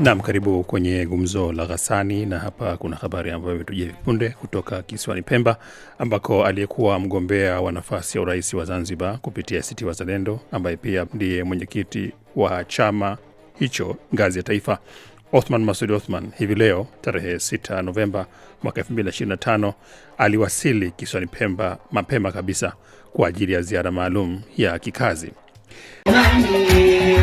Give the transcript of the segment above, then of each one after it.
Naam, karibu kwenye gumzo la ghassani, na hapa kuna habari ambayo imetujia hivi punde kutoka kisiwani Pemba ambako aliyekuwa mgombea wa nafasi ya urais wa Zanzibar kupitia ACT Wazalendo ambaye pia ndiye mwenyekiti wa chama hicho ngazi ya taifa Othman Masud Othman hivi leo tarehe 6 Novemba mwaka 2025 aliwasili kisiwani Pemba mapema kabisa kwa ajili ya ziara maalum ya kikazi Nani.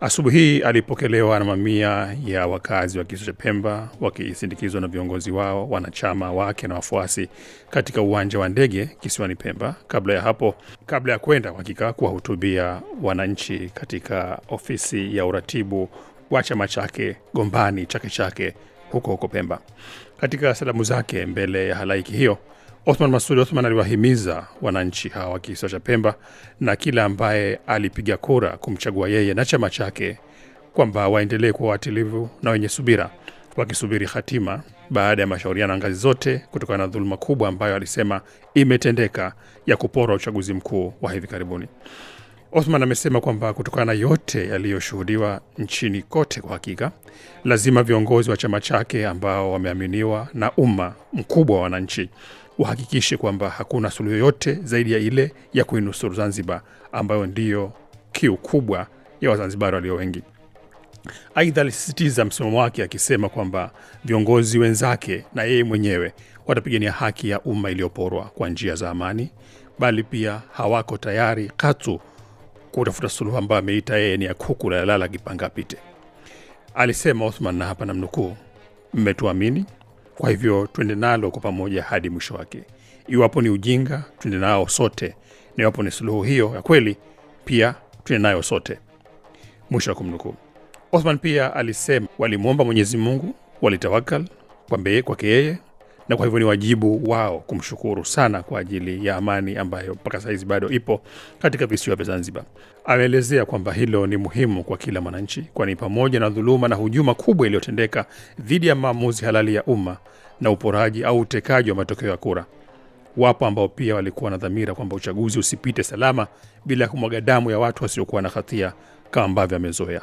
Asubuhi hii alipokelewa na mamia ya wakazi wa kisiwa cha Pemba wakisindikizwa na viongozi wao, wanachama wake na wafuasi katika uwanja wa ndege kisiwani Pemba. Kabla ya hapo, kabla ya kwenda hakika kuwahutubia wananchi katika ofisi ya uratibu wa chama chake Gombani Chake Chake huko huko Pemba. Katika salamu zake mbele ya halaiki hiyo Othman Masud Othman aliwahimiza wananchi hawa wa kisiwa cha Pemba na kila ambaye alipiga kura kumchagua yeye na chama chake kwamba waendelee kuwa watilivu na wenye subira, wakisubiri hatima baada ya mashauriano ya ngazi zote, kutokana na dhuluma kubwa ambayo alisema imetendeka ya kuporwa uchaguzi mkuu wa hivi karibuni. Othman amesema kwamba kutokana na yote yaliyoshuhudiwa nchini kote, kwa hakika lazima viongozi wa chama chake ambao wameaminiwa na umma mkubwa wa wananchi wahakikishe kwamba hakuna suluhu yoyote zaidi ya ile ya kuinusuru Zanzibar, ambayo ndiyo kiu kubwa ya Wazanzibari walio wengi. Aidha, alisisitiza msimamo wake akisema kwamba viongozi wenzake na yeye mwenyewe watapigania haki ya umma iliyoporwa kwa njia za amani, bali pia hawako tayari katu kutafuta suluhu ambayo ameita yeye ni ya kuku la lala kipanga pite. Alisema Othman, na hapa namnukuu, mmetuamini kwa hivyo twende nalo kwa pamoja hadi mwisho wake. Iwapo ni ujinga, twende nao sote, na iwapo ni suluhu hiyo ya kweli, pia twende nayo sote. Mwisho wa kumnukuu. Othman pia alisema walimwomba Mwenyezi Mungu, walitawakal kwambe kwake yeye na kwa hivyo ni wajibu wao kumshukuru sana kwa ajili ya amani ambayo mpaka sahizi bado ipo katika visiwa vya Zanzibar. Ameelezea kwamba hilo ni muhimu kwa kila mwananchi, kwani pamoja na dhuluma na hujuma kubwa iliyotendeka dhidi ya maamuzi halali ya umma na uporaji au utekaji wa matokeo ya kura, wapo ambao pia walikuwa na dhamira kwamba uchaguzi usipite salama bila ya kumwaga damu ya watu wasiokuwa na hatia kama ambavyo amezoea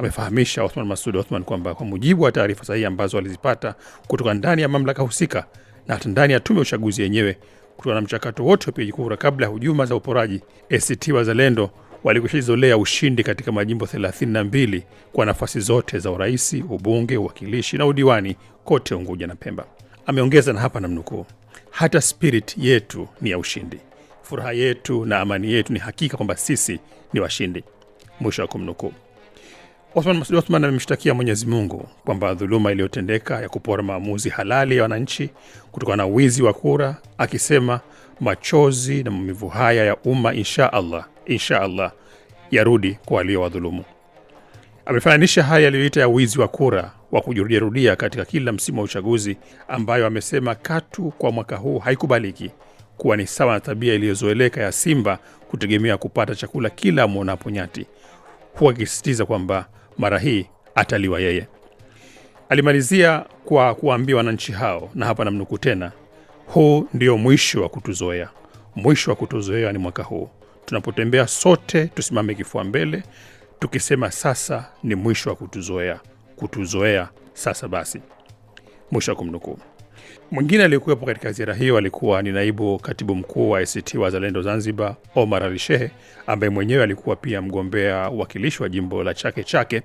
amefahamisha Othman Masud Othman kwamba kwa mujibu wa taarifa sahihi ambazo alizipata kutoka ndani ya mamlaka husika na hata ndani ya tume ya uchaguzi yenyewe kutokana na mchakato wote wa upigaji kura kabla ya hujuma za uporaji, ACT Wazalendo walikushizolea ushindi katika majimbo 32 kwa nafasi zote za uraisi, ubunge, uwakilishi na udiwani kote Unguja na Pemba. Ameongeza na hapa namnukuu, hata spirit yetu ni ya ushindi, furaha yetu na amani yetu ni hakika kwamba sisi ni washindi, mwisho wa kumnukuu. Osman Masud Othman amemshtakia Mwenyezi Mungu kwamba dhuluma iliyotendeka ya kupora maamuzi halali ya wananchi kutokana na wizi wa kura, akisema machozi na maumivu haya ya umma insha Allah, insha Allah yarudi kwa waliowadhulumu. Amefananisha haya yaliyoita ya wizi wa kura wa kujirudiarudia katika kila msimu wa uchaguzi, ambayo amesema katu kwa mwaka huu haikubaliki kuwa ni sawa na tabia iliyozoeleka ya simba kutegemea kupata chakula kila mwonapo nyati huku akisisitiza kwamba mara hii ataliwa yeye. Alimalizia kwa kuwaambia wananchi hao, na hapa namnuku tena, huu ndio mwisho wa kutuzoea. Mwisho wa kutuzoea ni mwaka huu, tunapotembea sote tusimame kifua mbele, tukisema sasa ni mwisho wa kutuzoea, kutuzoea sasa basi. Mwisho wa kumnukuu. Mwingine aliyekuwepo katika ziara hiyo alikuwa ni naibu katibu mkuu wa ACT Wazalendo Zanzibar, Omar arishehe ambaye mwenyewe alikuwa pia mgombea uwakilishi wa jimbo la Chake Chake,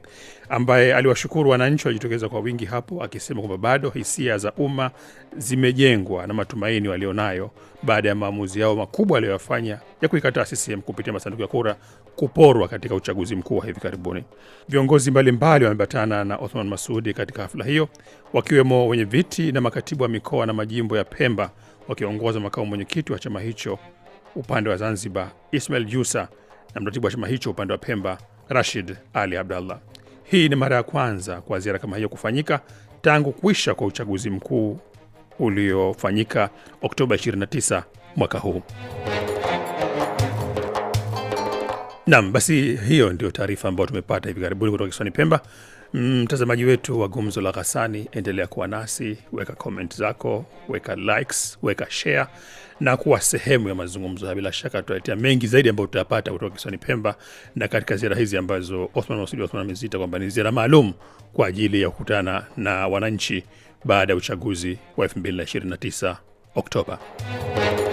ambaye aliwashukuru wananchi waliojitokeza kwa wingi hapo, akisema kwamba bado hisia za umma zimejengwa na matumaini walionayo baada ya maamuzi yao makubwa aliyoyafanya ya kuikataa CCM kupitia masanduku ya kura kuporwa katika uchaguzi mkuu wa hivi karibuni. Viongozi mbalimbali wamebatana na Othman Masudi katika hafla hiyo, wakiwemo wenye viti na makatibu wa mikoa na majimbo ya Pemba wakiongoza makamu mwenyekiti wa chama hicho upande wa Zanzibar Ismail Jusa na mratibu wa chama hicho upande wa Pemba Rashid Ali Abdallah. Hii ni mara ya kwanza kwa ziara kama hiyo kufanyika tangu kuisha kwa uchaguzi mkuu uliofanyika Oktoba 29 mwaka huu. Naam, basi hiyo ndio taarifa ambayo tumepata hivi karibuni kutoka kisiwani Pemba. Mm, mtazamaji mm, wetu wa Gumzo la ghasani endelea kuwa nasi, weka comment zako, weka likes, weka share na kuwa sehemu ya mazungumzo Bila shaka tutaletea mengi zaidi ambayo tutayapata kutoka kisiwani Pemba na katika ziara hizi ambazo Othman Othman ameziita kwamba ni ziara maalum kwa ajili ya kukutana na wananchi baada ya uchaguzi wa 229 Oktoba.